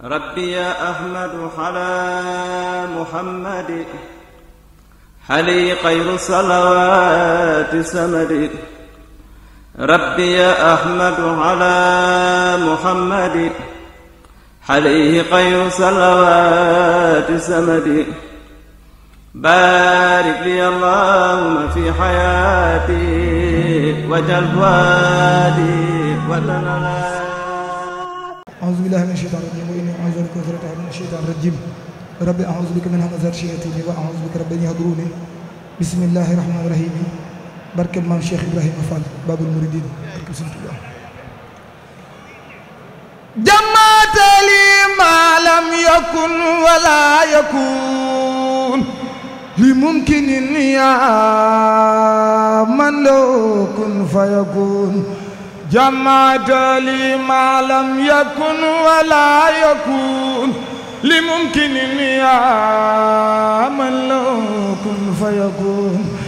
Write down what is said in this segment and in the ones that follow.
ربي يا أحمد على محمد حلي خير صلوات سمد ربي يا أحمد على محمد حليه خير صلوات سمد بارك لي اللهم في حياتي وجل وادي ولنا أعوذ بالله من الشيطان الرجيم mina sheytaan rajim rabbi aouzu bika min hamazati shayaatiin wa aouzu bika rabbi yahduruuni bismillahi rahmaani rahim barkeb maam Cheikh Ibrahima Fall babul muridin barkeb Sëriñ Tuubaa jamaatali maa lam yakun wala yakun li mumkinin yaa man law kun fa yakun jamaatali maa lam yakun wala yakun لممكن يا من لو كن فيكون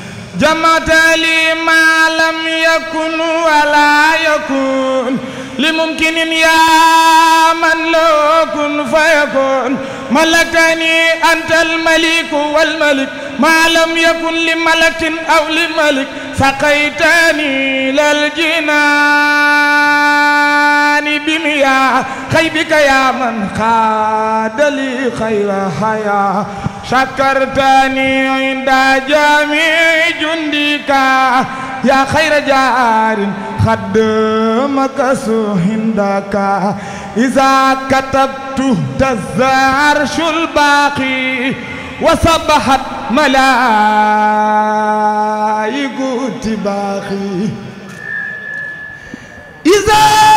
جمعت لي ما لم يكن ولا يكون لممكن يا من لو كن فيكون ملكني أنت الملك والملك ما لم يكن لملك أو لملك فقيتني للجنان علمي يا خيبك يا من خاد لي خير حياة شكرتني عند جميع جندك يا خير جار خدمك سهندك إذا كتبت تزارش الباقي وصبحت ملائك تباخي إذا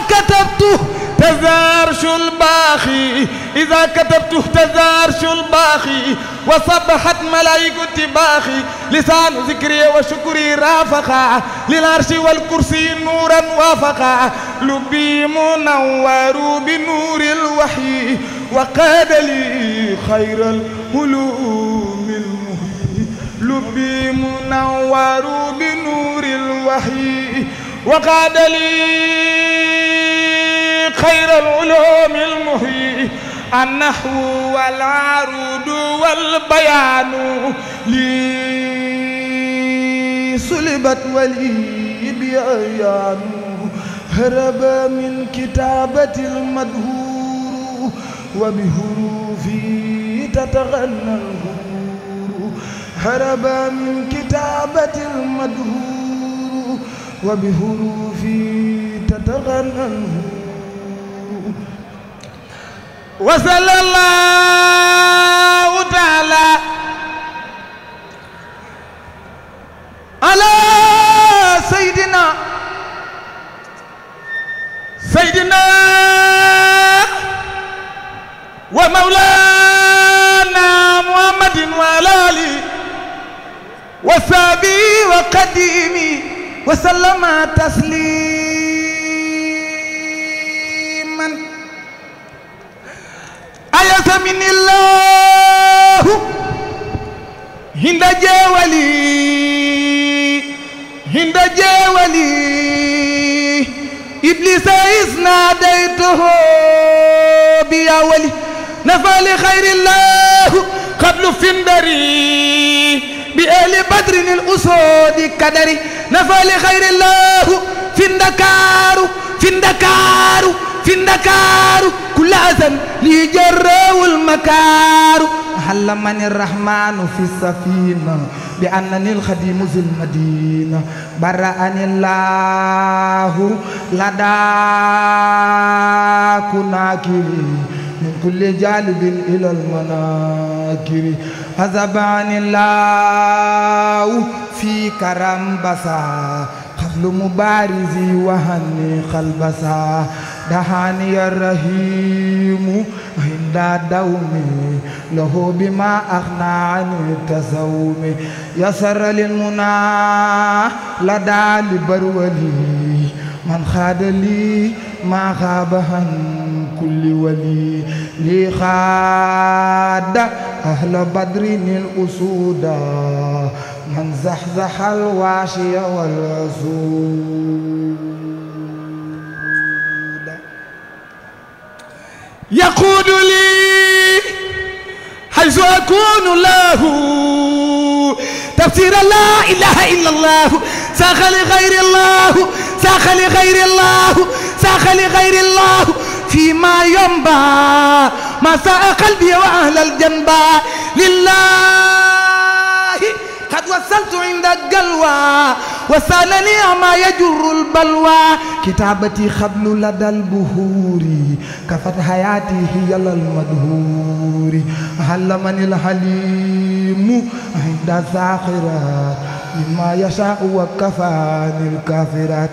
كتبته تزارش الباخي إذا كتبته تزارش الباخي وصبحت ملائكة باخي لسان ذكري وشكري رافقا للعرش والكرسي نورا وافقا لبي منور بنور الوحي وقاد لي خير الهلوم المهي لبي منور بنور الوحي وقاد لي خير العلوم المحيي النحو والعروض والبيان لي سلبت ولي بأيان هرب من كتابة المدهور وبهروفي تتغنى الهور هرب من كتابة المدهور وبحروفي تتغنى وصلى الله تعالى على سيدنا سيدنا ومولانا محمد وعلى آله وصحبه وقديمه wa sallama tasliman ayasaminillahu hinda jeewali hinda jeewali iblisa isnadaytuhu bi ya wali nafa li xayrillahu qablu findari bi ahli badrin al usoodi kadari nafa li xayrillahu fi ndakaaru fi ndakaaru fi ndakaaru ku laasan lii jërëwul makaaru halla mani rahmaanu fi safina bi annani alxadimu zil madina baraani laahu ladaku naakiri من كل جالب إلى المناكر أزبان الله في كرم بسا قبل مبارزي وهني خلبسا دهاني الرحيم عند دومي له بما أغنى عن التزوم يسر للمنى لدى لبرولي man xaada lii maa xaaba han kulli wali lii xaada ahla badrinil usuuda man zaxzaxal waasiya wal suuda yaquudu lii haysu akuunu lahu tafsiira laa ilaaha illa allahu saxali xayri allahu saaxa li xayri laahu saaxa li xayri laahu fii maa yomba ma saa qalbi wa ahlal janba lillahi qad wasaltu inda galwa wasalani ma yajurru lbalwa kitaabati xablu ladal buhuuri kafat hayaatihi yalal madhuuri hallamani lhalimu inda saaxira مما يشاء وكفى الكافرات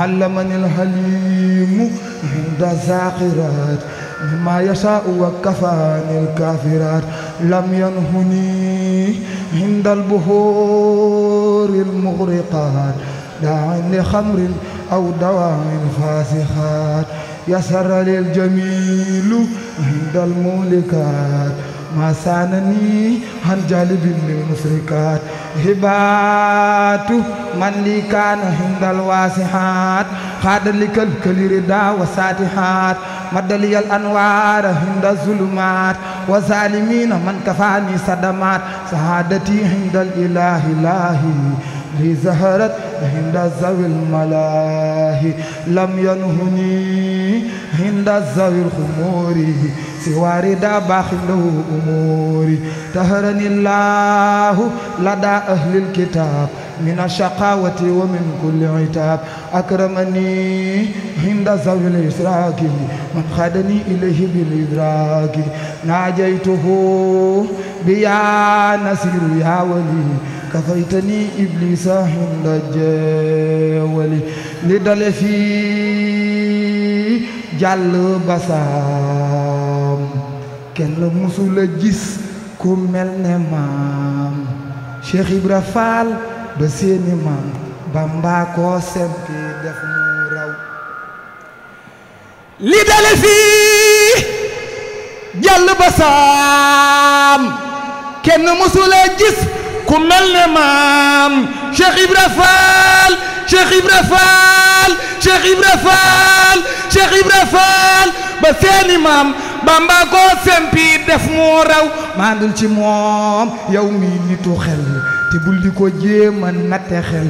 علمني الحليم عند الذاكرات مما يشاء وكفى الكافرات لم ينهني عند البحور المغرقات داع لخمر أو دواء فاسخات يسر للجميل عند المولكات ما سانني عن جالب للمشركات هبات من لي كان عند الواسحات خاد لك الكل ردا وساتحات مد لي الأنوار عند الظلمات وظالمين من كفاني صدمات سعادتي عند الإله إلهي لي زهرت عند ذوي الملاهي لم ينهني عند ذوي الخمور siwaari daa baaxi umuuri taharani laahu ladaa ahlil kitaab min ashaqaawati wa min kulli itaab akramani hinda zawil israaki man xadani ilayhi bil idraaki naajaytuhu bi yaa nasiru yaa wali kafaytani iblisa hinda jeewali li dale fii jàll kenn mësula gis ku mel ne maam Cheikh Ibra ba seeni maam Bamba ko sempi def mu raw li dale fii jàll ba saam kenn mësula gis ku mel ne maam Cheikh Ibra Faal Cheikh Ibra Faal Cheikh Ibra Faal Cheikh ba seeni maam bamba ko sempi def moo raw maandul ci moom yow mi nitu xel te bul di ko jéem a natte xel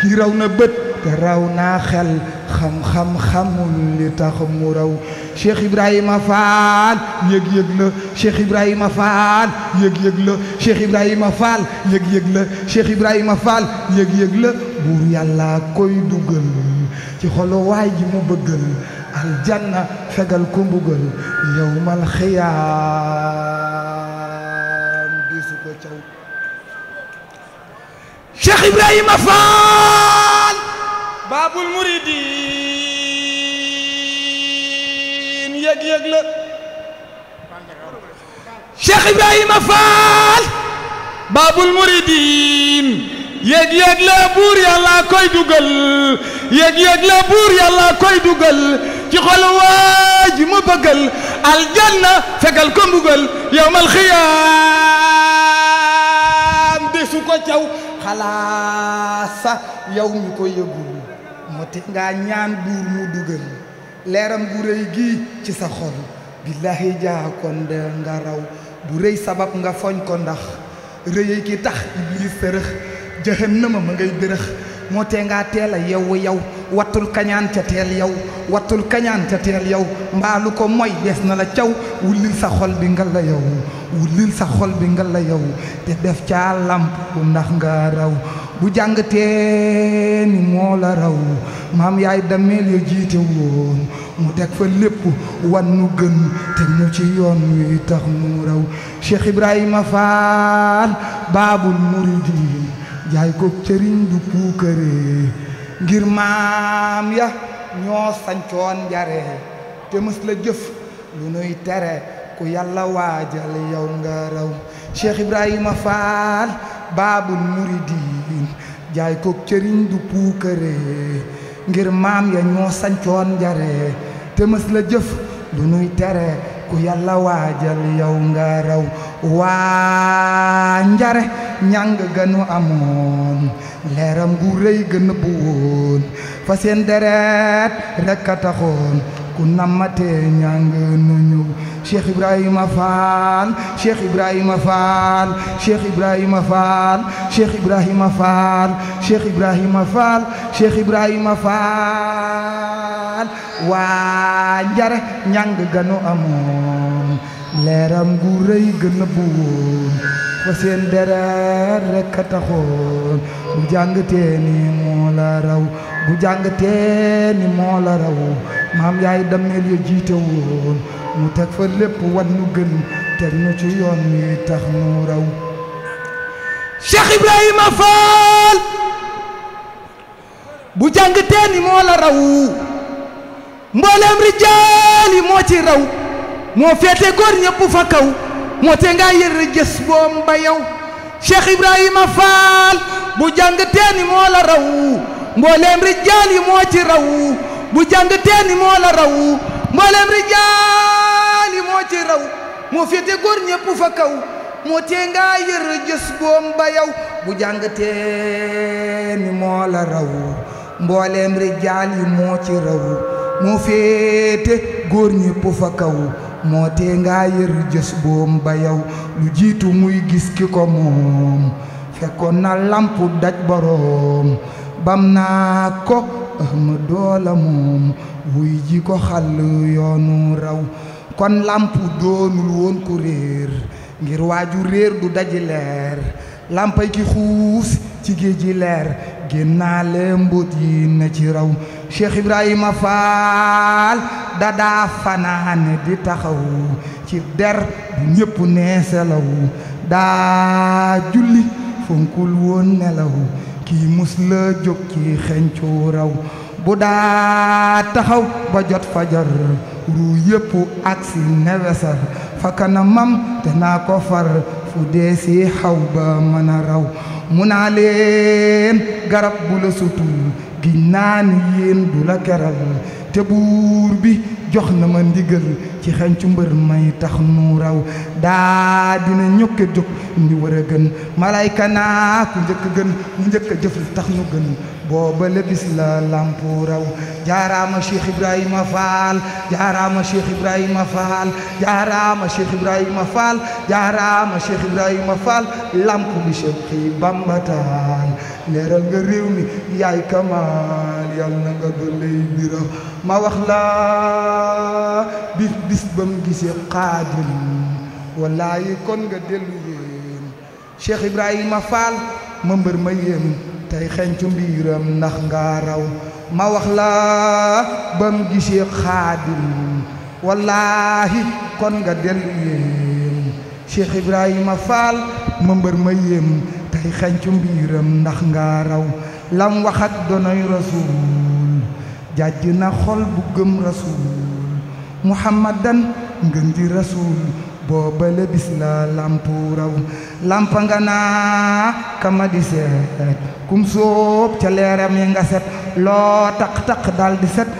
kii raw na bët te raw naa xel xam-xam xamul li tax mu raw Cheikh Ibrahima Fall yëg-yëg la Cheikh Ibrahima Fall yëg-yëg la Cheikh Ibrahima Fall yëg-yëg la Cheikh Ibrahima Fall yëg-yëg la buur yàlla koy dugal ci xolu ji mu bëggal aljanna fegal ko mbugal yowmal xiyaam bisu ko caw Cheikh Ibrahima Fall baabul muridin yëg-yëg la Cheikh Ibrahima Fall baabul muridin yëg-yëg la buur yàlla koy dugal yëg-yëg la buur yàlla koy dugal ci xol waa ji mu bëggal aljanna fegal ko mbugal yowmal xiyaam desu ko caw xalaasa yow mi ko yëgul mu te ngaa ñaan buur mu dugal leeram bu rëy gii ci sa xol billahi jaa kon de nga raw du rëy sabab nga foñ ko ndax rëyee ki tax iblis sërëx jahannama ma ngay bërëx moo te ngaa teel a yow yow wattul kañaan ca teel yow wattul kañaan ca teel yow mbaalu ko mooy des na la caw wullil sa xol bi nga la yow wullil sa xol bi nga la yow te def caa lamp ndax nga raw bu jàngatee ni moo la raw maam yaay dameel yo jiite woon mu teg fa lépp wan nu gën te ñu ci yoon wi tax mu raw Cheikh Ibrahima Fall baabul yi jaay ko cëriñ du puukare ngir maam ya ñoo sancoon njare te mës la jëf lu nuy tere ku yàlla waa waajal yow nga raw Cheikh Ibrahima Fall baabul muridin jaay koog cëriñ du puukare ngir maam ya ñoo sancoon njare te mës la jëf lu nuy tere ku yàlla waajal yow nga raw waa njare ñàng ganu amoon leeram gu rëy gën bu woon fa seen deret rekk a taxoon ku nammatee ñàng nu ñëw Cheikh Ibrahima Fall Cheikh Ibrahima Fall Cheikh Ibrahima Fall Cheikh Ibrahima Fall Cheikh Ibrahima Fall Cheikh Ibrahima Fall waa njare ñàng ganu amoon leeram gu rëy gën a bu woon fa seen deret rekk a taxoon bu jàngatee ni moo la raw bu jàngatee ni moo la raw maam yaay dammeel ya jiite woon mu teg fa lépp wan nu gën teg nu ci yoon mi tax nu raw Cheikh Ibrahima Fall bu jàngatee ni moo la raw mbooleem rijaal yi moo ci raw moo féete góor ñëpp fa kaw moo te ngaa yër gës boom ba yow Cheikh Ibrahima Fall bu jàng teeni moo la raw mbooleem rijaal yi moo bu jàng teeni moo la raw mbooleem rijaal yi moo ci raw moo féete góor ñëpp fa kaw moo tee ngaa yër gës boom ba yow bu jàng teeni moo la raw mbooleem rijaal yi moo ci raw moo féete góor ñëpp fa kaw moo tee ngaa yër jës boom ba yow lu jiitu muy gis ki ko moom fekkoon na lamp daj boroom bam naa ko ma doola moom wuy ji ko xàll yoonu raw kon lamp doonul woon ku réer ngir waaju réer du daji leer lampay ki xuus ci géej ji leer génnaale mbóot yi na ci raw cheikh ibrahima faal da daa fanaane di taxawu ci der bu ñëpp nee daa julli fonkul woon nelawu kii mus la jóg kii xencu raw bu daa taxaw ba jot fajar ruu yëpp ak si newesar fa kanamam te naa ko far fu dee si xaw ba mën a raw mu naa leen garab bu la sutul gi naan yéen du la keral te buur bi jox na ma ndigal ci xencu mbër may tax nu raw daa dina ñokke jóg ndi war a gën malayka naa ku njëkk gën njëkk a jëf li tax nu gën booba la bis la lampu raw jaaraama Cheikh Ibrahima Fall jaaraama Cheikh Ibrahima Fall jaaraama Cheikh Ibrahima Fall jaaraama Cheikh lamp bi Cheikh Bamba taal leeral nga réew mi yaay kamaal yàlla na nga dolli bira ma wax la bis ba mu gisee xaadim wallaayi kon nga dellu yéen Cheikh Ibrahima Fall ma mbër ma yéem tey xencu mbiram ndax nga raw ma wax la ba mu gisee xaadim wallaahi kon nga dellu yéen Cheikh Ibrahima Fall ma mbër ma yéem tey xencu mbiram ndax nga raw lam waxat donoy rasuul jàjj na xol bu gëm rasuul muhammadan ngendi rasul boobale bis la lampu raw lampa nga naa kama di seet kum soob ca leeram nga set loo taq-taq dal di set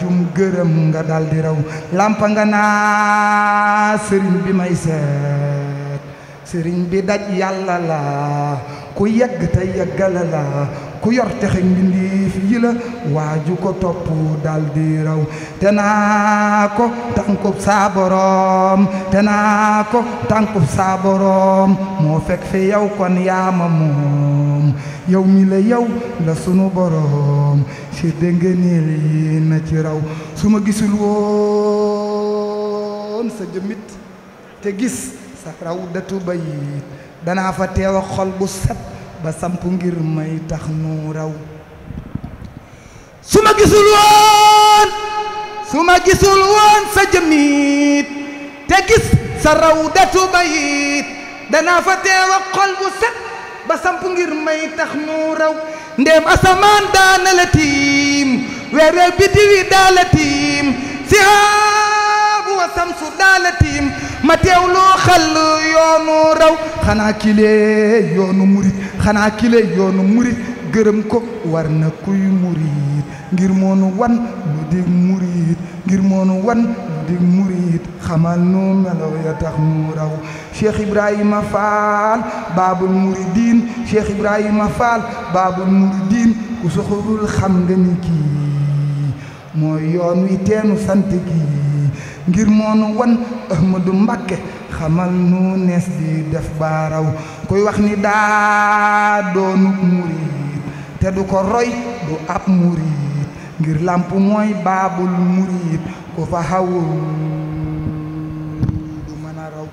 jum gërëm nga dal di raw lampa nga naa sëriñ bi may seet sëriñ bi daj yàlla la ku yegg te yeggala la ku yor texe mbindiif yi la waaju ko topp daldi raw te naa ko tànkub saa boroom te naa ko tànkub saa boroom moo fekk fi yow kon yaa moom yow mi la yow la sunu boroom si dénganeel yi na ci raw su ma gisul woon sa jëmmit te gis sa raw datu bayit danaa fa teew xol bu set ba samp ngir may tax nu raw su ma gisul woon su ma gisul woon sa jëmit te gis sa raw datu bayit danaa fa teewa xol bu set ba samp ngir may tax nu raw ndéem asamaan daana tiim weer weer biddiwi daa la tiim sihaabu wa samsu daa la tiim ma teewloo xal yoonu raw xanaa kilee yoonu murit xanaa ki yoonu murit gërëm ko war na kuy murit ngir moonu wan nu dig murit ngir moonu wan nu dig murit xamal nu melaw ya tax mu raw cheikh ibrahima faal baabul muridin cheikh ibrahima faal baabul muridin ku soxorul xam nga ni kii mooy yoon wi teenu sant gi ngir moonu wan ahmadu mbàkke xamal nu nees kuy wax ni daa doonu murit te du ko roy du ab murit ngir làmp mooy baabul murit ku fa mën a raw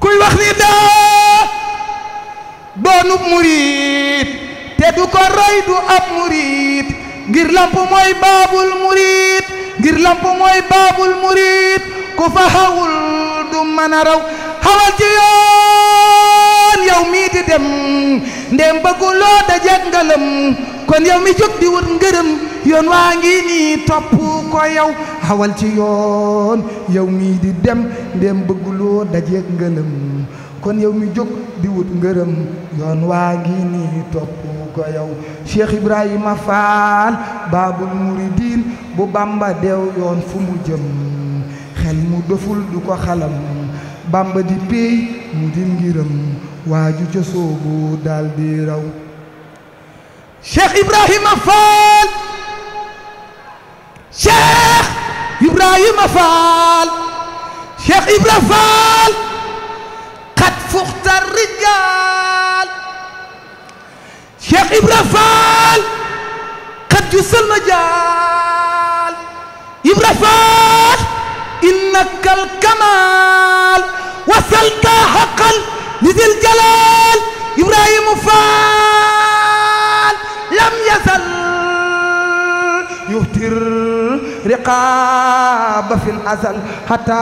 kuy wax ni daa doonu murit te du ko roy du ab murit ngir làmp mooy baabul murit ngir làmp mooy baabul murit ku fa xawul du mën a raw xawal ci yoon yow mii di dem ndéem bëgguloo dajeeg ngëlëm kon yow mi jóg di wut ngërëm yoon waa ngi nii topp ko yow xawal ci yoon yow mii di dem ndéem bëgguloo dajeeg ngëlëm kon yow mi jóg di wut ngërëm yoon waa ngi nii topp ko yow Cheikh Ibrahima Fall Baabul Muridiin bu Bamba deew yoon fu mu jëm xel mu doful du ko xalam bàmba di péey mu di ngiram waaju ca soobu daal di raw cheikh ibrahima faal cheikh ibrahima faal faal xat fuxta rijaal cheikh ibra faal xat ju sëlma jaal ibra faal إنك الكمال وصلت حقا لذي الجلال إبراهيم فال لم يزل يهتر الرقاب في الأزل حتى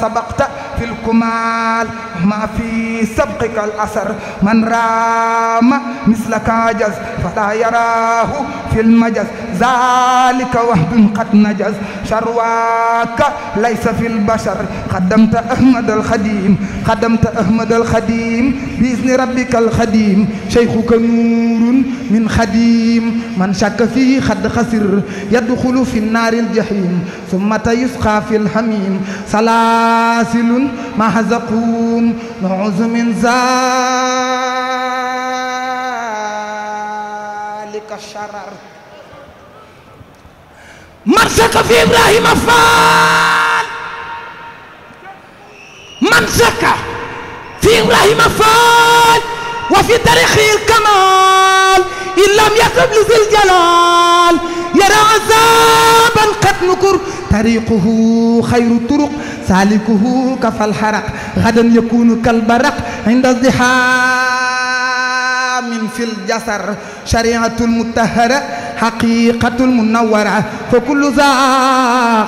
سبقت في الكمال ما في سبقك الأثر من رام مثلك عجز فلا يراه في المجز ذلك وهم قد نجز شرواك ليس في البشر خدمت أحمد الخديم خدمت أحمد الخديم بإذن ربك الخديم شيخك نور من خديم من شك فيه قد خسر يدخل في النار الجحيم الجحيم ثم تيسقى في الحميم سلاسل مع زقوم نعوذ من ذلك الشرر مرزق في إبراهيم فال مرزق في إبراهيم فال وفي تاريخه الكمال إن لم يكتب لذي الجلال yara azaban qad nukur tariquhu xayru turuq salikuhu kafal xaraq xadan yakunu kalbaraq inda zdihamin fil jasar shariatul mutahara xaqiqatul munawara fa kullu za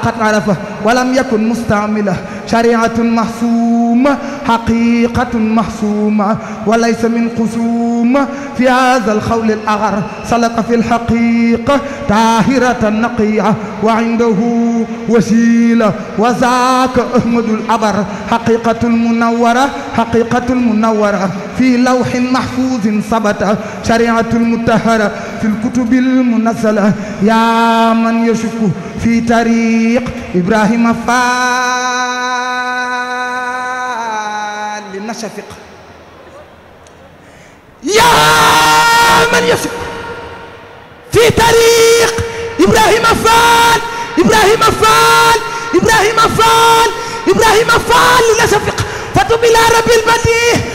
qad arafa walam yakun mustaamila shariatun mahsuma haqiqatun mahsuma wa laysa min xusuma fi hada alxawli alagar salaka fi lxaqiqa tahiratan naqiya wa indahu wasila wa zaka ahmadul abar haqiqatul munawara haqiqatul munawara fi lawhin mahfuzin sabata shariatul mutahara fi lkutubil munazala ya man yashukku fi tariq ibrahima fa nashafiq yaa man yasiq fii tariq Ibrahima Fall Ibrahima Fall Ibrahima Fall Ibrahima Fall nashafiq fatu bila rabbil badi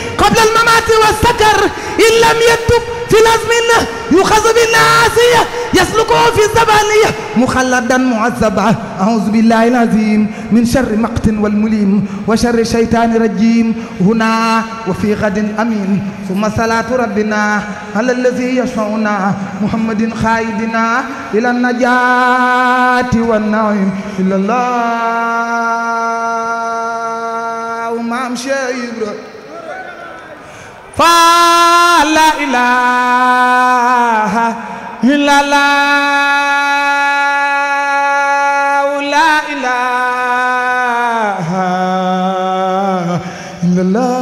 maati wa sakar in lam yattub fi lazmin yuxazu bi naasiya yaslukuhu fi zabaniya muxalladan muazaba auzu billahi alazim min charri maqtin walmulim wa charri cheytani rajim huna wa fi gadin amin summa salatu rabbina ala allazi yashfauna muhammadin xaayidina ila najati wannaim ila allah maam Cheikh Ibra faa la ilaha illa la la ilaha illa la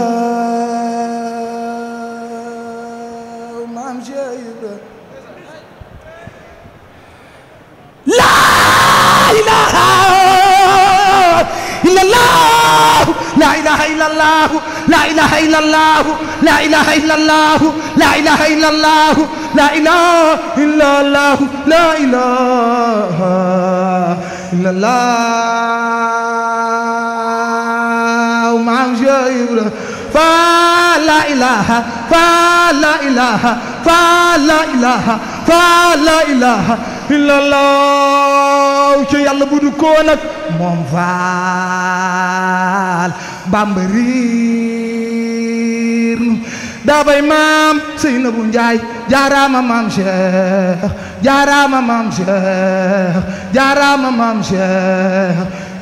ilaha illallah la ilaha illallah la ilaha illallah la ilaha illallah la ilaha illallah la ilaha illallah maam Cheikh Ibra Fall la ilaha Fall la ilaha Fall la ilaha Fall la ilaha illallah ci yàlla bu du ko nag moom Fall bamba riir daa bay maam Seynabu Njaay jaaraama maam Cheikh jaaraama maam Cheikh jaaraama maam Cheikh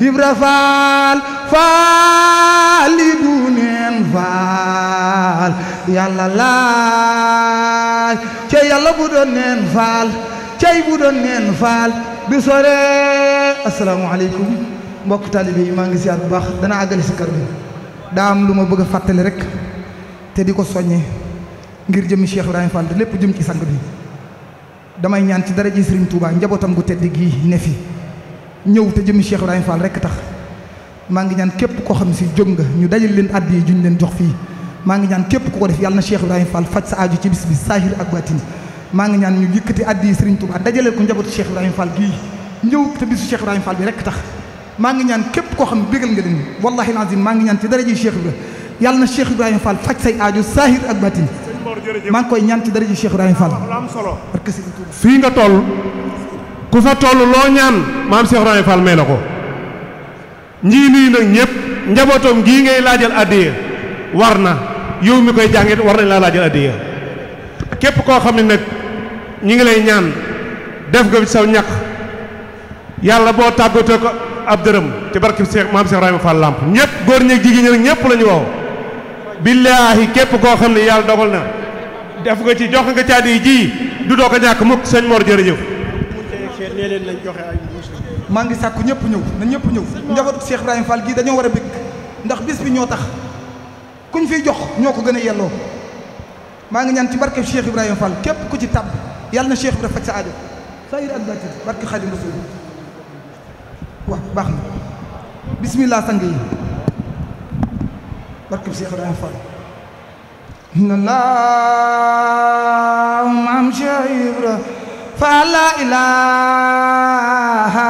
Ibra Faal faali du neen faal yàlla laay cey yàlla bu doon neen faal cey bu doon neen faal bi sore asalaamaaleykum mbokk taalibe yi maa ngi siyaar bu baax dana àggale si kër bi daa am lu ma bëgg a fàttali rek te di ko soññee ngir jëmmi Cheikh Ibrahima Fall te lépp jëm ci sang bi damay ñaan ci dara ji Serigne Touba njabootam gu tedd gii ne fi ñëw te jëmi Cheikh Ibrahima Fall rek tax maa ngi ñaan képp koo xam si jóg nga ñu dajal leen àddi yi juñ leen jox fii maa ngi ñaan képp ku ko def yàlla na Cheikh Ibrahima Fall faj sa aaju ci bis bi saahir ak baatin maa ngi ñaan ñu yëkkati àddi yi Serigne Touba dajaleel ko njabootu Cheikh Ibrahima Fall gii ñëw te bisu Cheikh Ibrahima bi rek tax maa ngi ñaan képp koo xam ne bégal nga leen wallahi alazim maa ngi ñaan ci daraji Cheikh Ibrahima yàlla na Cheikh Ibrahima Fall faj say aaju saahir ak batin maa ngi koy ñaan ci daraji Cheikh Ibrahima Fall fii nga toll ku fa toll loo ñaan maam Cheikh Ibrahima Fall may la ko ñii nii nag ñëpp njabootam gii ngay laajal addiya war na yow mi koy jàngit war nañ laa laajal addiya képp koo xam ne nag ñi ngi lay ñaan def nga ci saw ñaq yàlla boo tàggatoo ko ab dërëm ci barke Cheikh maam Cheikh Ibrahima Fall Lamp ñëpp góor ñeeg jigéen ñi ñëpp la ñu woo billaahi képp koo xam ne yàlla dogal na def nga ci jox nga caadi yi ji du doo ko ñàkk mukk sëñ Mor jërëjëf maa ngi sàkku ñëpp ñëw na ñëpp ñëw njabootu seex Ibrahima Fall gii dañoo war a bëgg ndax bis bi ñoo tax kuñ fiy jox ñoo ko gën a yelloo maa ngi ñan ci barke Cheikh Ibrahima Fall képp ku ci tàbb yàlla na Cheikh Ibrahima faj sa aajo saa yir ak barke Xaadim Rasuul wax baax na bismillah sang yi barkeb Seex Ibrahima Fall allahumma am Seex Ibra Fall la ilaha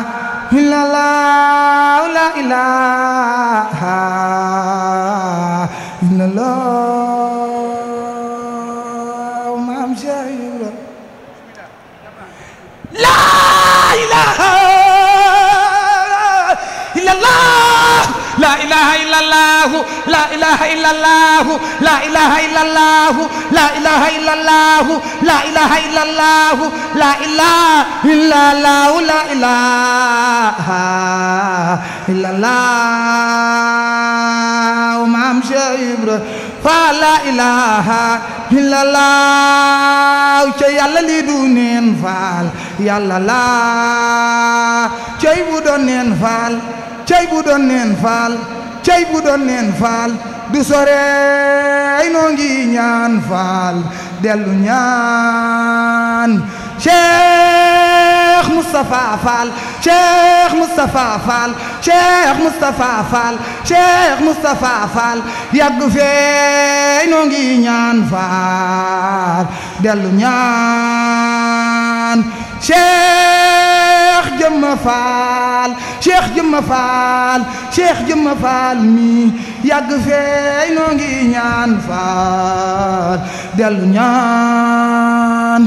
la ilaha illallah laa ilaha illa allahu laa ilaha illa allahu laa ilaha illa allahu laa ilaha illa allahu laa ilaha illa allahu laa ilaha illa allahu laa ilaha illa allahu maam Cheikh Ibra fa laa ilaha illa allahu ca yàlla lii du neen faal yàlla laa cey bu doon neen faal cey bu doon neen faal cey bu doon faal du sorey noo ngi ñaan faal dellu ñaan Cheikh Moustapha Fall Cheikh Moustapha Fall Cheikh Moustapha Fall Cheikh Moustapha Fall yàgg fee ngi ñaan faal dellu ñaan cheikh jëmma faal cheikh jëmma faal cheikh jëmma faal mi yàgg feey noo ngi ñaan faal dellu ñaan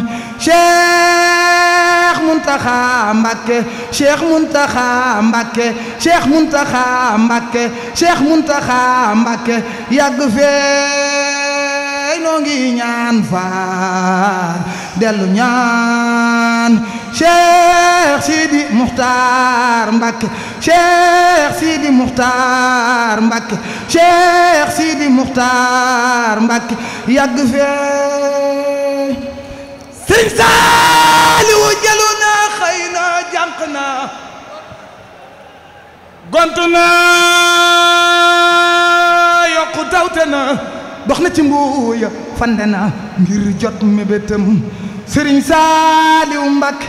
cheikh muntaxa mbàkke cheikh muntaxa mbàkke cheikh muntaxa mbàkke cheikh muntaxa mbàkke yàgg feey tey noo ngi dellu ñaan Cheikh Sidi Muxtaar Mbakke Cheikh Sidi Muxtaar Mbakke Cheikh Sidi Muxtaar Mbakke yàgg fee Sëriñ Saaliwu jëlu na jànq naa gont naa yokku dox na ci mbuuya fande na ngir jot mébétam sëriñ saaliw mbakke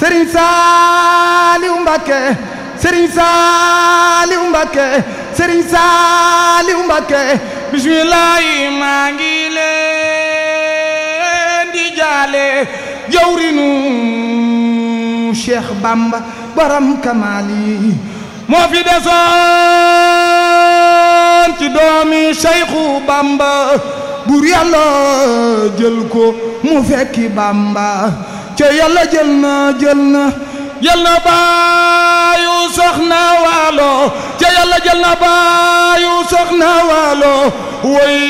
sëriñ saaliw mbakke sëriñ saaliw mbakke sëriñ saaliw mbakke bismillaahi maa ngi leen di jaale jawrinu cheikh bamba borom kamaali moo fi desoon ci doomi Seexu Bamba buur yàlla jël ko mu fekki Bamba ca yàlla jël na jël na jël baayu soxna waalo ca yàlla jël na baayu soxna waalo woy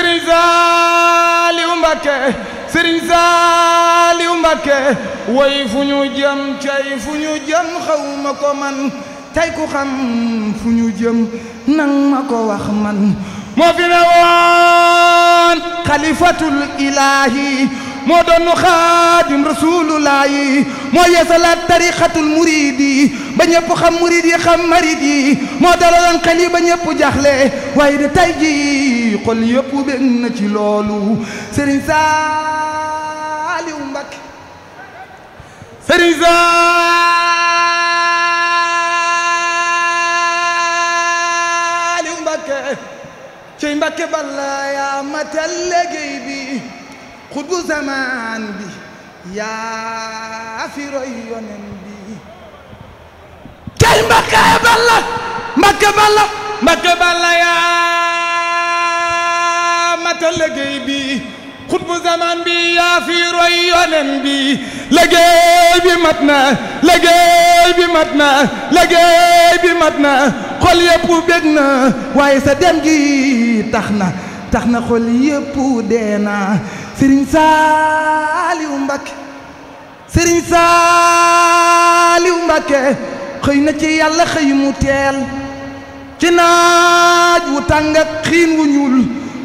Serigne Saliou Mbacké Serigne Saliou Mbacké way fu ñu jëm cay fu jëm xawma ko man tey ku xam fu jëm nang ma ko wax man moo fi ne woon xalifatul ilaahi moo doon xaadim rasulullah yi moo yeesalaat tariqatul murid yi ba ñëpp xam murid yi xam marid yi moo dalaloon xel yi ba ñëpp jaxle waaye de tey ji xol yëpp bég na ci loolu Serigne Saliou Mbacké Serigne Saliou Mbacké cey Mbacké balla yaa matal liggéey bi xutbu zamaan bi yaa fi roy yonen bi kay Mbàkke Balla Mbàkke Balla Mbàkke Balla yaa mata liggéey bi xutbu zamaan bi yaa fi roy yonen bi liggéey bi mat na bi mat na bi mat xol yëpp bég waaye sa dem gi tax na tax na xol yëpp dee sëriñ saaliwu mbakke sëriñ saaliwu mbakke xëy na ci yàlla xëy mu teel ci naaj wu tàng ak xiin wu ñuul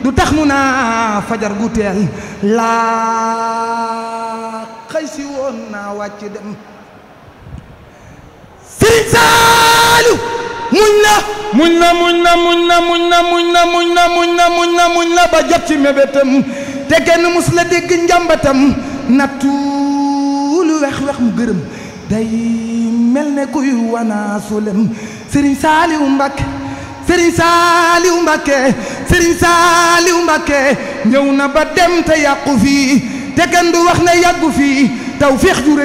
du tax mu naa fajar gu teel laa xëy si woon naa wàcc dem sëriñ saaliw muñ na muñ na muñ na muñ na muñ na muñ na muñ na muñ na muñ na muñ na ba jot ci mébétam te kenn mus la dégg njàmbatam nattu lu wex wex mu gërëm day mel ne kuy wanaasu lem sëriñ saaliw mbakke sëriñ saaliw mbakke ñëw na ba dem te yàqu fii te kenn du wax ne yàggu fii taw féex ju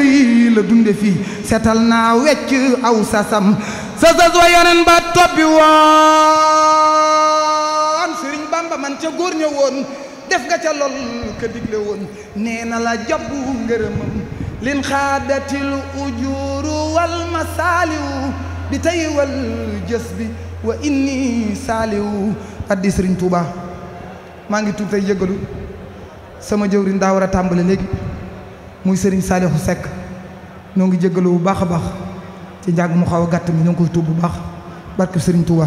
la dunde fii setal naa wecc aw sasam sa wa yonen ba toppi woon sëriñ bamba man ca góor ña woon def nga ca lool ka digle woon nee na la jàpp ngërëmam lin xaadatil ujuru wal masaaliwu bi tey wal jës bi wa inni saaliwu addi sëriñ Tuuba maa ngi tuub tey jéggalu sama jëwriñ daa war a tàmbali léegi muy sëriñ Saalihu sekk ñoo ngi jéggalu bu baax a baax ci njàng mu xaw a gàtt mi ñoo ngi koy tuub bu baax barke sëriñ Tuuba